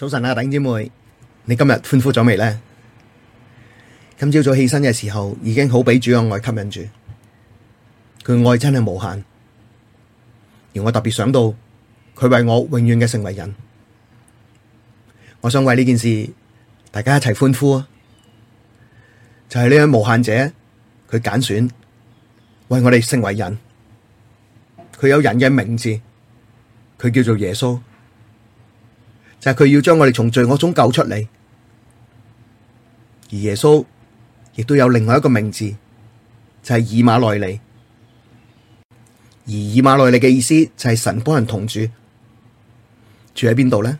早晨啊，頂姐妹，你今日歡呼咗未呢？今朝早起身嘅時候，已經好俾主嘅愛吸引住，佢愛真係無限。而我特別想到，佢為我永遠嘅成為人，我想為呢件事大家一齊歡呼啊！就係呢位無限者，佢揀選，選為我哋成為人，佢有人嘅名字，佢叫做耶穌。就係佢要將我哋從罪惡中救出嚟，而耶穌亦都有另外一個名字，就係以馬內利。而以馬內利嘅意思就係神幫人同住，住喺邊度呢？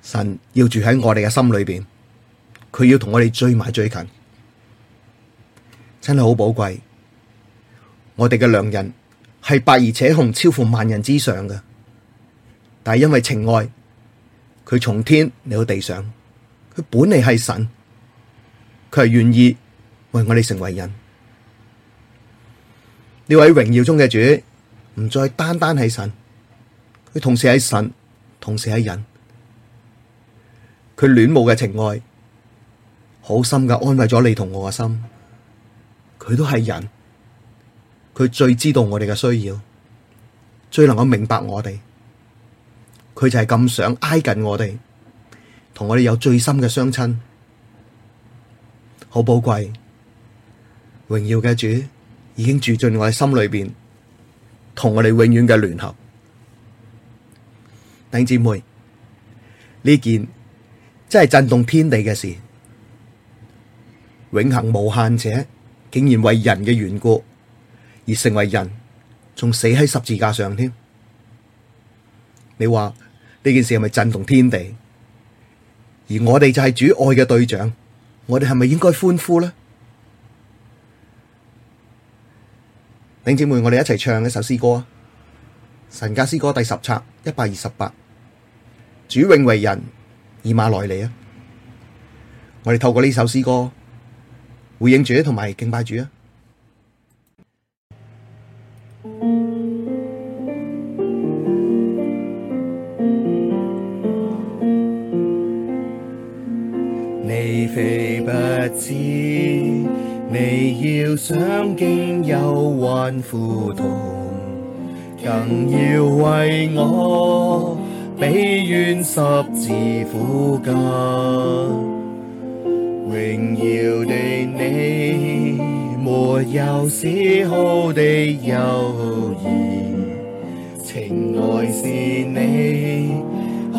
神要住喺我哋嘅心裏邊，佢要同我哋追埋最近，真係好寶貴。我哋嘅良人係白而且紅，超乎萬人之上嘅。但係因為情愛，佢從天嚟到地上，佢本嚟係神，佢係願意為我哋成為人。呢位榮耀中嘅主，唔再單單係神，佢同時係神，同時係人。佢戀慕嘅情愛，好深嘅安慰咗你同我嘅心。佢都係人，佢最知道我哋嘅需要，最能夠明白我哋。佢就係咁想挨近我哋，同我哋有最深嘅相親，好寶貴，榮耀嘅主已經住進我嘅心裏邊，同我哋永遠嘅聯合。弟兄姊妹，呢件真係震動天地嘅事，永恆無限者竟然為人嘅緣故而成為人，仲死喺十字架上添。你話？呢件事係咪震動天地？而我哋就係主愛嘅對象，我哋係咪應該歡呼呢？弟兄姊妹，我哋一齊唱一首詩歌啊！神家詩歌第十冊一百二十八，主永為人以馬內利啊！我哋透過呢首詩歌回應主，同埋敬拜主啊！你非不知，你要常經憂患苦痛，更要為我被懸十字苦架，榮耀的你，沒有絲毫的猶疑，情愛使你。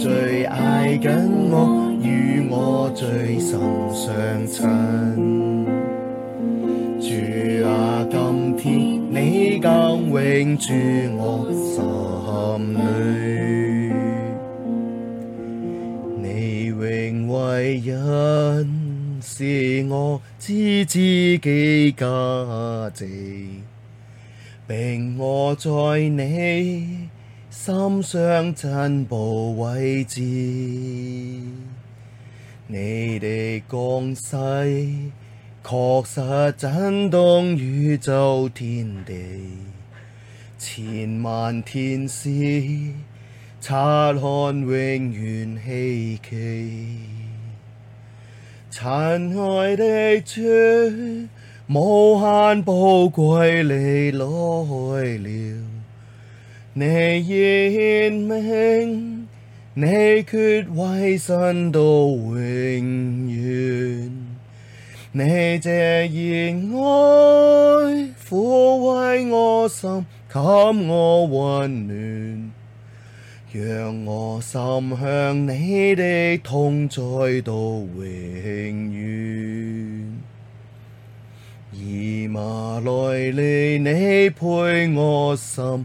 最挨近我與我最深相親，主啊，今天你更永住我心裏。你永為人，使我知自己價值，並我在你心上珍寶位置，你的降世確實震動宇宙、天地，千萬天使察看、永遠希奇，親愛的主無限寶貴你來了。你顯明，你決委身到永遠，你這熱愛撫慰我心，給我溫暖，讓我深享你的同在到永遠，以馬內利你配我心。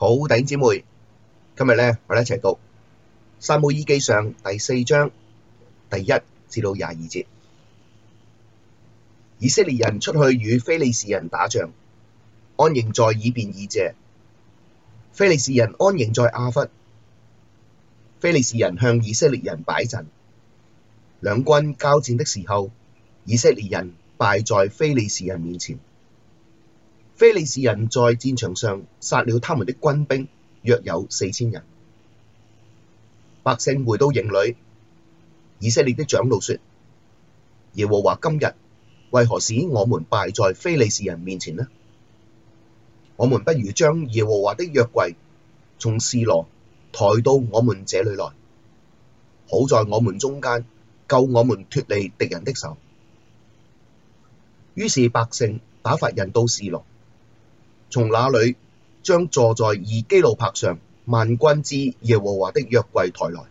好，弟兄姐妹，今日咧，我哋一齊讀《撒母耳記》上第四章第一至到廿二節。以色列人出去與非利士人打仗，安營在以便以謝；非利士人安營在亞弗。非利士人向以色列人擺陣，兩軍交戰的時候，以色列人敗在非利士人面前。非利士人在戰場上殺了他們的軍兵，約有四千人。百姓回到營裡，以色列的長老說：耶和華今日為何使我們敗在非利士人面前呢？我們不如將耶和華的約櫃從示羅抬到我們這裡來，好在我們中間救我們脫離敵人的手。於是百姓打發人到示羅。從那裏將坐在二基路伯上萬軍之耶和華的約櫃抬來。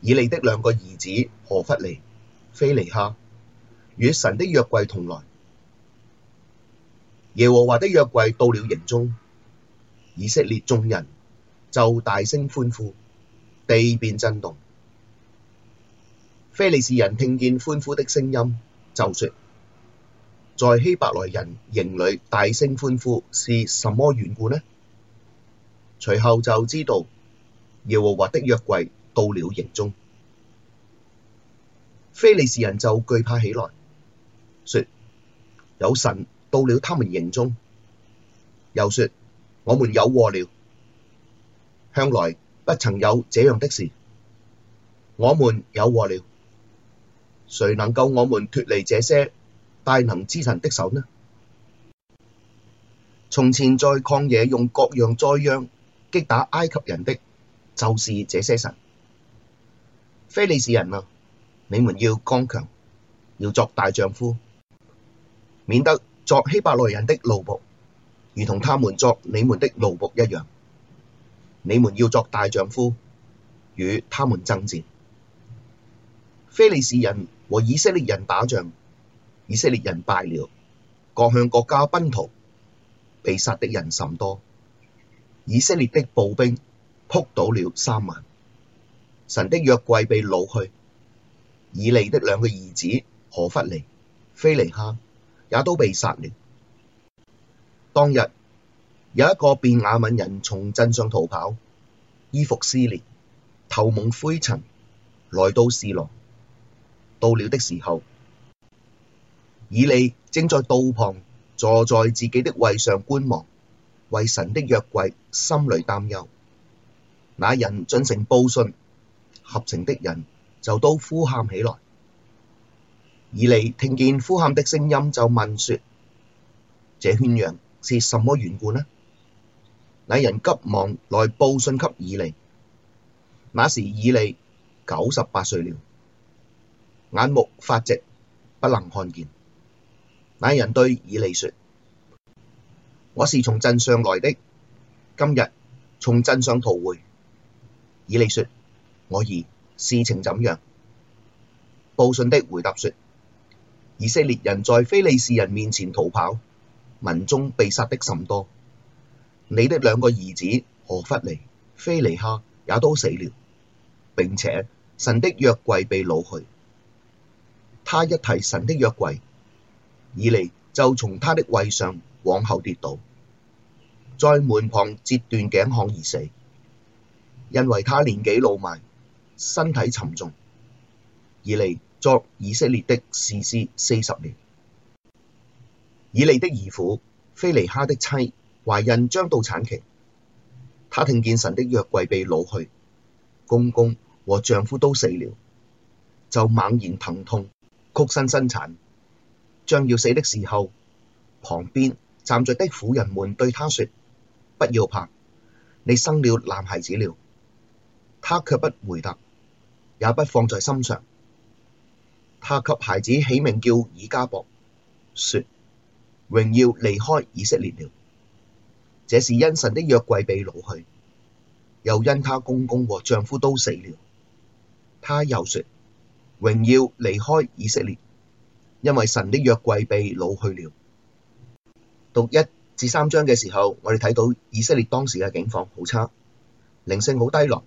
以利的兩個兒子何弗尼、非尼哈與神的約櫃同來。耶和華的約櫃到了營中，以色列眾人就大聲歡呼，地便震動。非利士人聽見歡呼的聲音，就說：在希伯來人營裏大聲歡呼，是什麼緣故呢？隨後就知道耶和華的約櫃到了營中。非利士人就懼怕起來，說：有神到了他們營中。又說：我們有禍了！向來不曾有這樣的事。我們有禍了！誰能夠我們脫離這些？大能之神的手呢？從前在曠野用各樣災殃擊打埃及人的，就是這些神。非利士人啊，你們要剛強，要作大丈夫，免得作希伯來人的奴僕，如同他們作你們的奴僕一樣。你們要作大丈夫，與他們爭戰。非利士人和以色列人打仗。以色列人敗了，各向各家奔逃，被殺的人甚多。以色列的步兵仆倒了三萬，神的約櫃被擄去。以利的兩個兒子何弗尼、非尼哈也都被殺了。當日，有一個便雅憫人從陣上逃跑，衣服撕裂，頭蒙灰塵，來到示羅。到了的時候，以利正在道旁坐在自己的位上觀望，為神的約櫃心裡擔憂。那人進城報信，合城的人就都呼喊起來。以利聽見呼喊的聲音，就問說：這喧嚷是什麼緣故呢？那人急忙來報信給以利，那時以利九十八歲了，眼目發直，不能看見。那人對以利說：我是從陣上來的，今日從陣上逃回。以利說：我兒，事情怎樣？報信的回答說：以色列人在非利士人面前逃跑，民眾被殺的甚多。你的兩個兒子何弗尼、非尼哈也都死了，並且神的約櫃被擄去。他一提神的約櫃。以利就從他的位上往後跌倒，在門旁折斷頸項而死，因為他年紀老邁，身體沉重。以利作以色列的士師四十年。以利的兒婦、非尼哈的妻懷孕將到產期，他聽見神的約櫃被擄去，公公和丈夫都死了，就猛然疼痛，曲身生產。將要死的時候，旁邊站著的婦人們對他說：不要怕，你生了男孩子了。他卻不回答，也不放在心上。他給孩子起名叫以迦博，說：榮耀離開以色列了。這是因神的約櫃被擄去，又因他公公和丈夫都死了。他又說：榮耀離開以色列。因為神的約櫃被擄去了。讀一至三章嘅時候，我哋睇到以色列當時嘅境況好差，靈性好低落，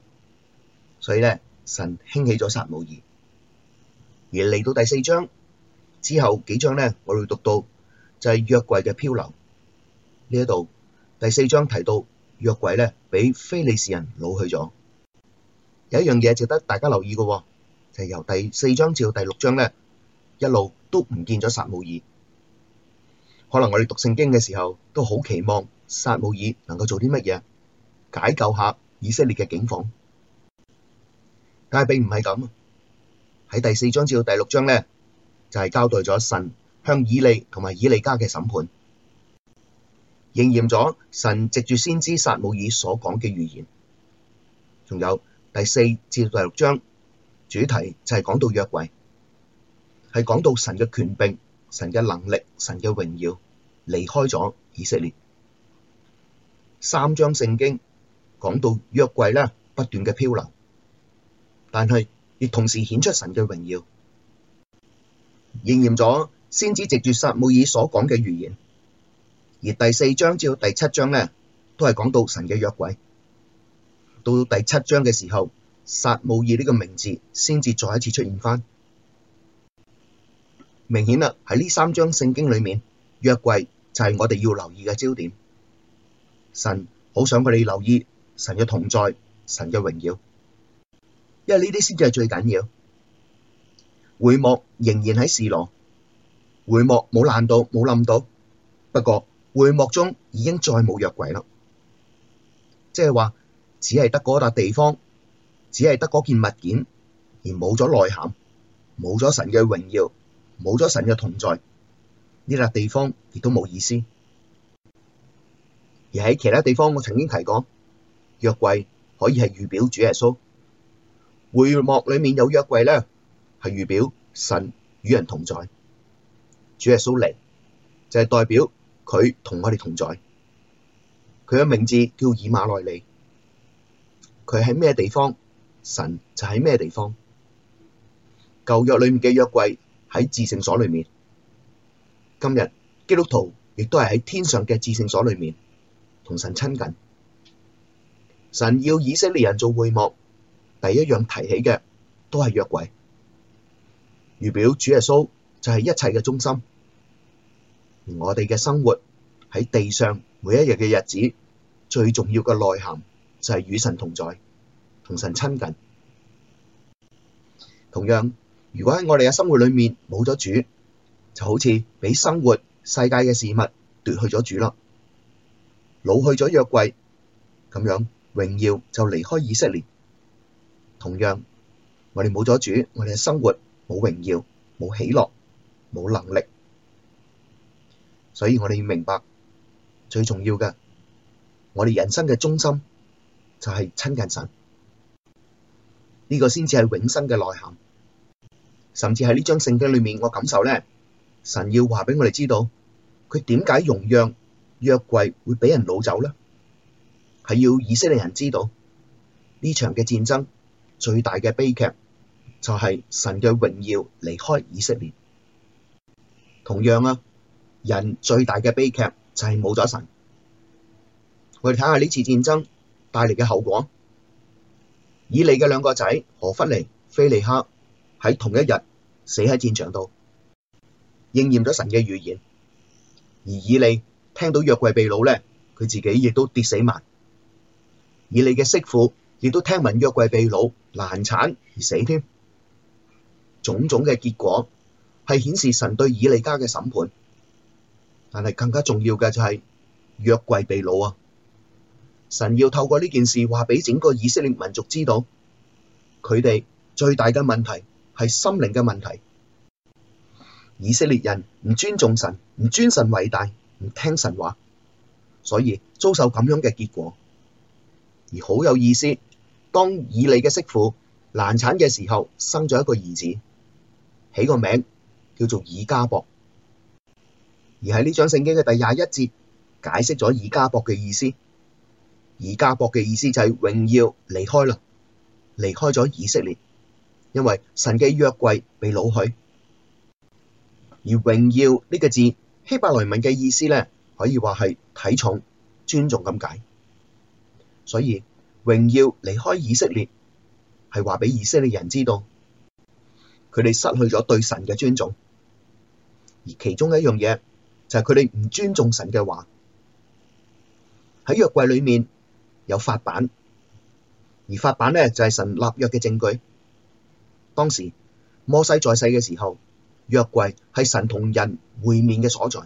所以呢，神興起咗撒母耳。而嚟到第四章之後幾章呢，我哋讀到就係約櫃嘅漂流呢一度。第四章提到約櫃呢，俾非利士人擄去咗，有一樣嘢值得大家留意嘅，就係、是、由第四章至到第六章呢，一路。都唔見咗撒母耳，可能我哋讀聖經嘅時候都好期望撒母耳能夠做啲乜嘢，解救下以色列嘅境況。但係並唔係咁。喺第四章至到第六章咧，就係、是、交代咗神向以利同埋以利家嘅審判，應驗咗神藉住先知撒母耳所講嘅預言。仲有第四至到第六章主題就係講到約櫃。係講到神嘅權柄、神嘅能力、神嘅榮耀離開咗以色列。三章聖經講到約櫃咧不斷嘅漂流，但係亦同時顯出神嘅榮耀，應驗咗先至藉住撒母耳所講嘅預言。而第四章至到第七章咧都係講到神嘅約櫃。到第七章嘅時候，撒母耳呢個名字先至再一次出現翻。明顯啦，喺呢三章聖經裏面，約櫃就係我哋要留意嘅焦點。神好想佢哋留意神嘅同在，神嘅榮耀，因為呢啲先至係最緊要。會幕仍然喺示羅，會幕冇爛到冇冧到，不過會幕中已經再冇約櫃啦，即係話只係得嗰笪地方，只係得嗰件物件，而冇咗內涵，冇咗神嘅榮耀。冇咗神嘅同在，呢笪、這個、地方，亦都冇意思。而喺其他地方，我曾經提過約櫃可以係預表主耶穌。會幕裏面有約櫃咧，係預表神與人同在。主耶穌嚟就係、是、代表佢同我哋同在。佢嘅名字叫以馬內利。佢喺咩地方，神就喺咩地方。舊約裏面嘅約櫃。喺至聖所裏面，今日基督徒亦都係喺天上嘅至聖所裏面同神親近。神要以色列人做會幕，第一樣提起嘅都係約櫃，預表主耶穌就係一切嘅中心。而我哋嘅生活喺地上每一日嘅日子，最重要嘅內涵就係與神同在，同神親近。同樣。如果喺我哋嘅生活裏面冇咗主，就好似畀生活世界嘅事物奪去咗主咯，擄去咗約櫃咁樣，榮耀就離開以色列。同樣，我哋冇咗主，我哋嘅生活冇榮耀，冇喜樂，冇能力。所以我哋要明白最重要嘅，我哋人生嘅中心就係親近神，呢個先至係永生嘅內涵。甚至喺呢張聖經裏面，我感受呢，神要話畀我哋知道，佢點解容讓約櫃會俾人擄走呢？係要以色列人知道呢場嘅戰爭最大嘅悲劇就係神嘅榮耀離開以色列。同樣啊，人最大嘅悲劇就係冇咗神。我哋睇下呢次戰爭帶嚟嘅後果，以利嘅兩個仔何弗尼、非尼哈。喺同一日死喺戰場度，應驗咗神嘅預言。而以利聽到約櫃被擄呢，佢自己亦都跌死埋。以利嘅媳婦亦都聽聞約櫃被擄難產而死添。種種嘅結果係顯示神對以利家嘅審判。但係更加重要嘅就係約櫃被擄啊！神要透過呢件事話俾整個以色列民族知道，佢哋最大嘅問題。係心靈嘅問題，以色列人唔尊重神，唔尊神偉大，唔聽神話，所以遭受咁樣嘅結果。而好有意思，當以利嘅媳婦難產嘅時候，生咗一個兒子，起個名叫做以迦博。而喺呢章聖經嘅第廿一節解釋咗以迦博嘅意思。以迦博嘅意思就係榮耀離開啦，離開咗以色列。因為神嘅約櫃被擄去，而榮耀呢個字希伯來文嘅意思咧，可以話係睇重、尊重咁解。所以榮耀離開以色列，係話畀以色列人知道，佢哋失去咗對神嘅尊重。而其中一樣嘢就係佢哋唔尊重神嘅話，喺約櫃裏面有法版，而法版咧就係、是、神立約嘅證據。當時摩西在世嘅時候，約櫃係神同人會面嘅所在。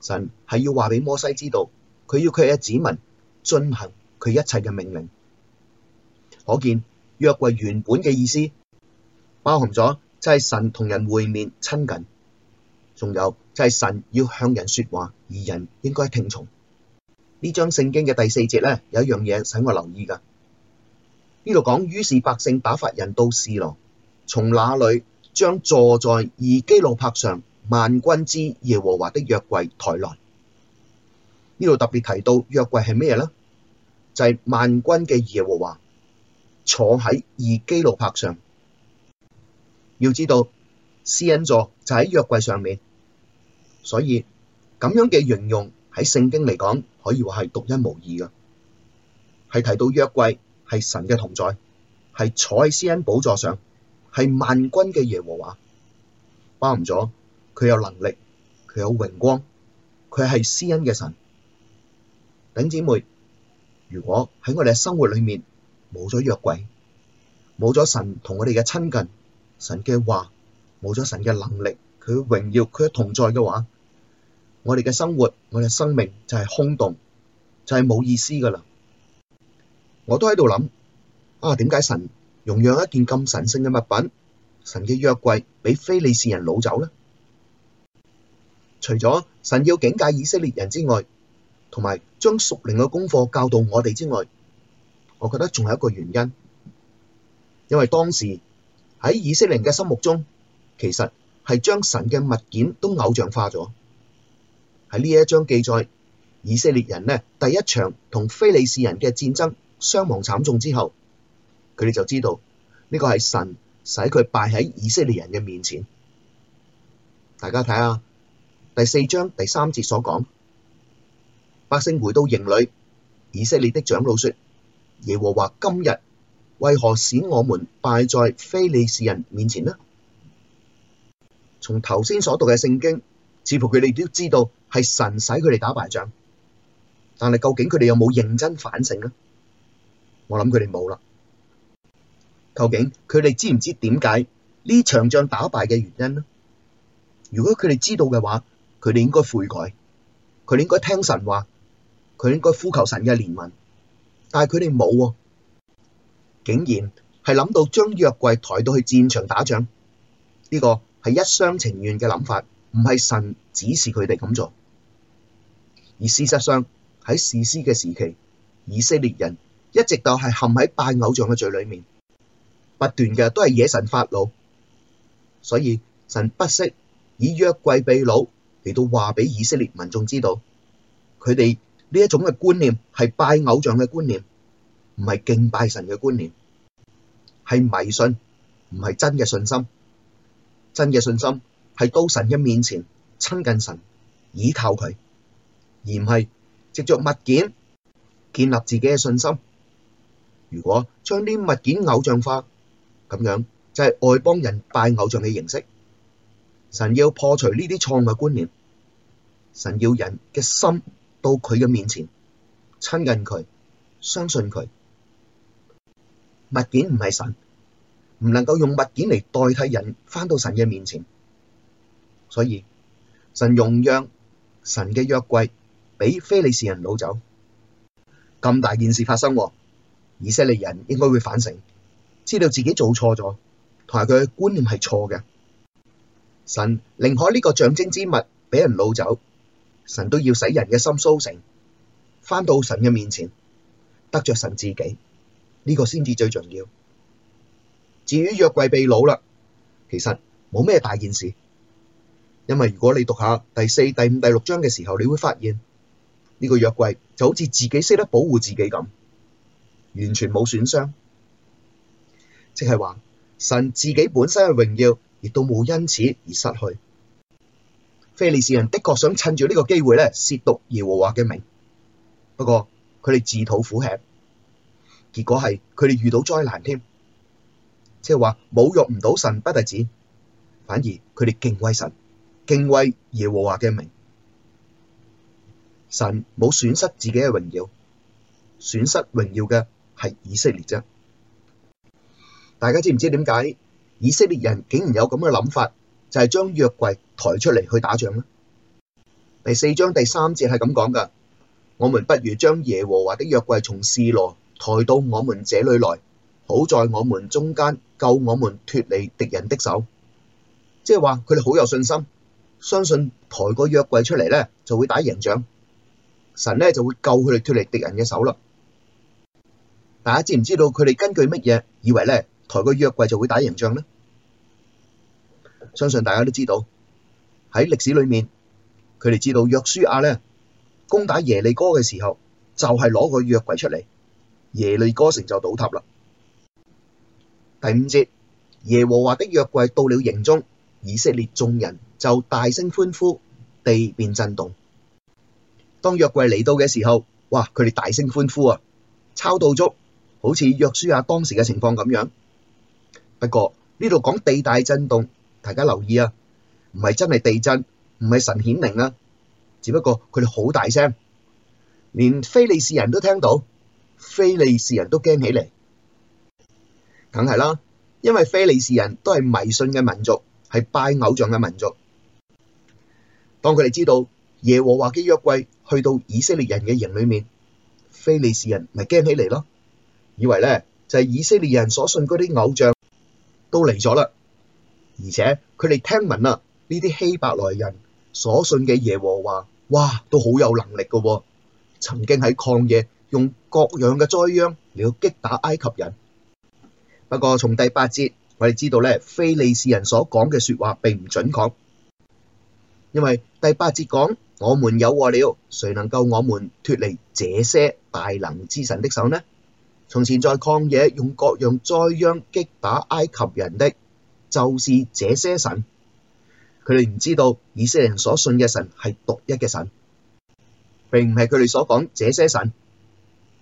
神係要話俾摩西知道，佢要佢嘅子民進行佢一切嘅命令。可見約櫃原本嘅意思包含咗就係神同人會面親近，仲有就係神要向人說話，而人應該聽從。呢章聖經嘅第四節咧，有一樣嘢使我留意噶。呢度講，於是百姓打發人，到示羅從那裡將坐在二基路伯上萬軍之耶和華的約櫃抬來。呢度特別提到約櫃係咩咧？就係、是、萬軍嘅耶和華坐喺二基路伯上。要知道，施恩座就喺約櫃上面，所以咁樣嘅形容喺聖經嚟講，可以話係獨一無二噶，係提到約櫃。係神嘅同在，係坐喺施恩寶座上，係萬軍嘅耶和華，包含咗佢有能力，佢有榮光，佢係施恩嘅神。頂姊妹，如果喺我哋嘅生活裏面冇咗約櫃，冇咗神同我哋嘅親近，神嘅話，冇咗神嘅能力，佢榮耀，佢嘅同在嘅話，我哋嘅生活，我哋嘅生命就係空洞，就係冇意思噶啦。我都喺度諗啊，點解神容讓一件咁神聖嘅物品，神嘅約櫃俾非利士人攞走呢？除咗神要警戒以色列人之外，同埋將屬靈嘅功課教導我哋之外，我覺得仲有一個原因，因為當時喺以色列人嘅心目中，其實係將神嘅物件都偶像化咗。喺呢一章記載以色列人呢第一場同非利士人嘅戰爭。傷亡慘重之後，佢哋就知道呢個係神使佢敗喺以色列人嘅面前。大家睇下第四章第三節所講，百姓回到營裡，以色列的長老說：耶和華今日為何使我們敗在非利士人面前呢？從頭先所讀嘅聖經，似乎佢哋都知道係神使佢哋打敗仗，但係究竟佢哋有冇認真反省呢？我諗佢哋冇啦。究竟佢哋知唔知點解呢場仗打敗嘅原因呢？如果佢哋知道嘅話，佢哋應該悔改，佢哋應該聽神話，佢應該呼求神嘅憐憫。但係佢哋冇，竟然係諗到將約櫃抬到去戰場打仗，呢個係一廂情願嘅諗法，唔係神指示佢哋咁做。而事實上喺士師嘅時期，以色列人。一直都係陷喺拜偶像嘅罪裏面，不斷嘅都係惹神發怒，所以神不惜以約櫃被擄嚟到話俾以色列民眾知道，佢哋呢一種嘅觀念係拜偶像嘅觀念，唔係敬拜神嘅觀念，係迷信，唔係真嘅信心。真嘅信心係到神嘅面前親近神，倚靠佢，而唔係藉著物件建立自己嘅信心。如果將啲物件偶像化，咁樣就係外邦人拜偶像嘅形式。神要破除呢啲錯誤觀念，神要人嘅心到佢嘅面前親近佢，相信佢，物件唔係神，唔能夠用物件嚟代替人翻到神嘅面前。所以神容讓神嘅約櫃俾非利士人攞走，咁大件事發生啊。以色列人應該會反省，知道自己做錯咗，同埋佢嘅觀念係錯嘅。神寧可呢個象徵之物俾人擄走，神都要使人嘅心甦醒，返到神嘅面前，得着神自己，呢個先至最重要。至於約櫃被擄啦，其實冇咩大件事，因為如果你讀下第四、第五、第六章嘅時候，你會發現呢個約櫃就好似自己識得保護自己咁。完全冇損傷，即係話神自己本身嘅榮耀，亦都冇因此而失去。非利士人的確想趁住呢個機會呢，褻瀆耶和華嘅名，不過佢哋自討苦吃，結果係佢哋遇到災難添，即係話侮辱唔到神不單止，反而佢哋敬畏神，敬畏耶和華嘅名，神冇損失自己嘅榮耀，損失榮耀嘅。係以色列啫，大家知唔知點解以色列人竟然有咁嘅諗法，就係將約櫃抬出嚟，去打仗咧？第四章第三節係咁講噶：我們不如將耶和華的約櫃從示羅抬到我們這裏來，好在我們中間救我們脫離敵人的手。即係話佢哋好有信心，相信抬個約櫃出嚟呢就會打贏仗，神呢就會救佢哋脫離敵人嘅手啦。大家知唔知道佢哋根據乜嘢以為咧抬個約櫃就會打贏仗呢？相信大家都知道喺歷史裏面，佢哋知道約書亞咧攻打耶利哥嘅時候就係、是、攞個約櫃出嚟，耶利哥城就倒塌啦。第五節耶和華的約櫃到了營中，以色列眾人就大聲歡呼，地便震動。當約櫃嚟到嘅時候，哇！佢哋大聲歡呼啊，抄到足。好似約書亞當時嘅情況咁樣，不過呢度講地大震動，大家留意啊，唔係真係地震，唔係神顯靈啊，只不過佢哋好大聲，連非利士人都聽到，非利士人都驚起嚟。梗係啦，因為非利士人都係迷信嘅民族，係拜偶像嘅民族。當佢哋知道耶和華嘅約櫃去到以色列人嘅營裏面，非利士人咪驚起嚟咯。以為咧就係以色列人所信嗰啲偶像都嚟咗啦，而且佢哋聽聞啦呢啲希伯來人所信嘅耶和華，哇都好有能力噶喎曾經喺曠野用各樣嘅災殃嚟到擊打埃及人。不過從第八節我哋知道咧，非利士人所講嘅說話並唔準確，因為第八節講，我們有禍了，誰能夠我們脫離這些大能之神的手呢？從前在曠野用各樣災殃擊打埃及人的，就是這些神。佢哋唔知道以色列人所信嘅神係獨一嘅神，並唔係佢哋所講這些神。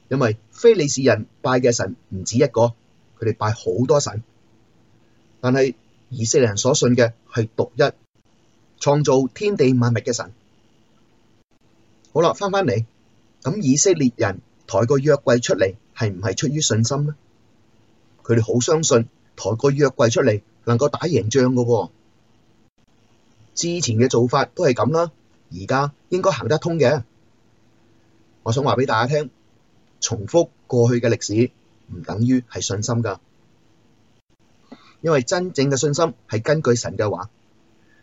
因為非利士人拜嘅神唔止一個，佢哋拜好多神。但係以色列人所信嘅係獨一創造天地萬物嘅神。好啦，翻返嚟咁，以色列人抬個約櫃出嚟。係唔係出於信心呢？佢哋好相信抬個約櫃出嚟能夠打贏仗噶喔。之前嘅做法都係咁啦，而家應該行得通嘅。我想話俾大家聽，重複過去嘅歷史唔等於係信心噶，因為真正嘅信心係根據神嘅話。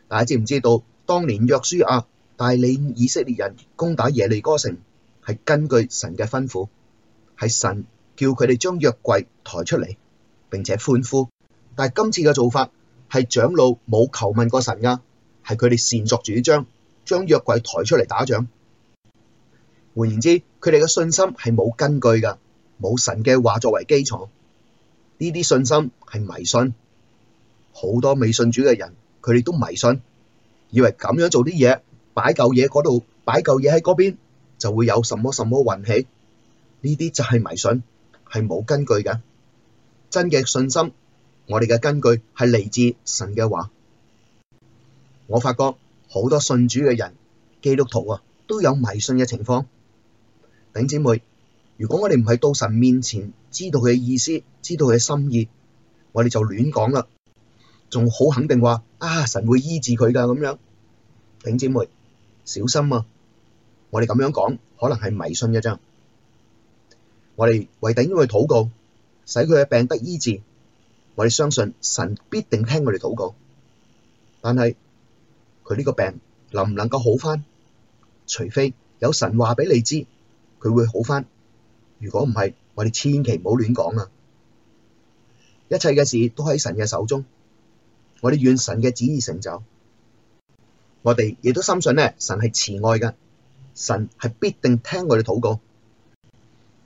大家知唔知道當年約書亞帶領以色列人攻打耶利哥城係根據神嘅吩咐？係神叫佢哋將約櫃抬出嚟，並且歡呼。但係今次嘅做法係長老冇求問過神噶，係佢哋擅作主張將約櫃抬出嚟打仗。換言之，佢哋嘅信心係冇根據噶，冇神嘅話作為基礎，呢啲信心係迷信。好多未信主嘅人，佢哋都迷信，以為咁樣做啲嘢，擺嚿嘢嗰度，擺嚿嘢喺嗰邊，就會有什麼什麼運氣。呢啲就係迷信，係冇根據嘅。真嘅信心，我哋嘅根據係嚟自神嘅話。我發覺好多信主嘅人基督徒啊，都有迷信嘅情況。頂姐妹，如果我哋唔係到神面前知道佢嘅意思，知道佢嘅心意，我哋就亂講啦，仲好肯定話啊，神會醫治佢噶咁樣。頂姐妹，小心啊！我哋咁樣講可能係迷信嘅啫。我哋為弟兄去禱告，使佢嘅病得醫治。我哋相信神必定聽我哋禱告，但係佢呢個病能唔能夠好返？除非有神話畀你知佢會好返。如果唔係，我哋千祈唔好亂講啊！一切嘅事都喺神嘅手中。我哋願神嘅旨意成就。我哋亦都深信咧，神係慈愛嘅，神係必定聽我哋禱告。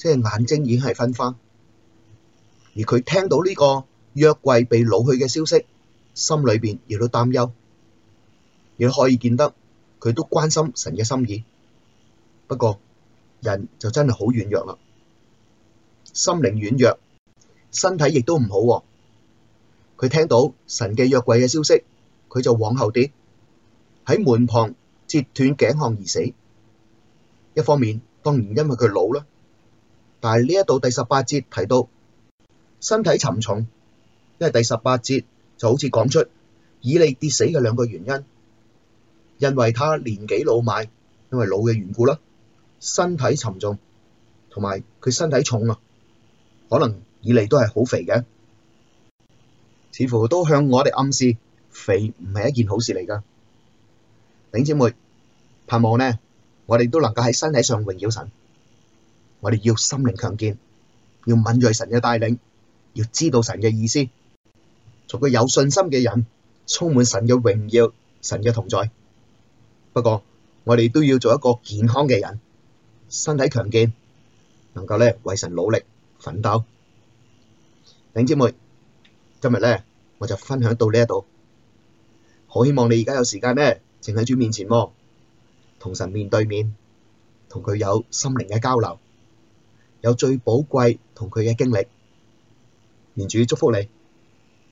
即係眼睛已係分花，而佢聽到呢個約櫃被擄去嘅消息，心裏邊亦都擔憂，亦都可以見得佢都關心神嘅心意。不過人就真係好軟弱啦，心靈軟弱，身體亦都唔好、啊。佢聽到神嘅約櫃嘅消息，佢就往後跌喺門旁折斷頸項而死。一方面當然因為佢老啦。但係呢一度第十八節提到身體沉重，因為第十八節就好似講出以利跌死嘅兩個原因，因為他年紀老邁，因為老嘅緣故啦，身體沉重，同埋佢身體重啊，可能以利都係好肥嘅，似乎都向我哋暗示肥唔係一件好事嚟噶。頂姐妹盼望呢，我哋都能夠喺身體上榮耀神。我哋要心靈強健，要敏銳神嘅帶領，要知道神嘅意思，做個有信心嘅人，充滿神嘅榮耀、神嘅同在。不過我哋都要做一個健康嘅人，身體強健，能夠咧為神努力奮鬥。頂姐妹，今日咧我就分享到呢一度。好希望你而家有時間咧，淨喺主面前，同神面對面，同佢有心靈嘅交流。有最寶貴同佢嘅經歷，願主祝福你。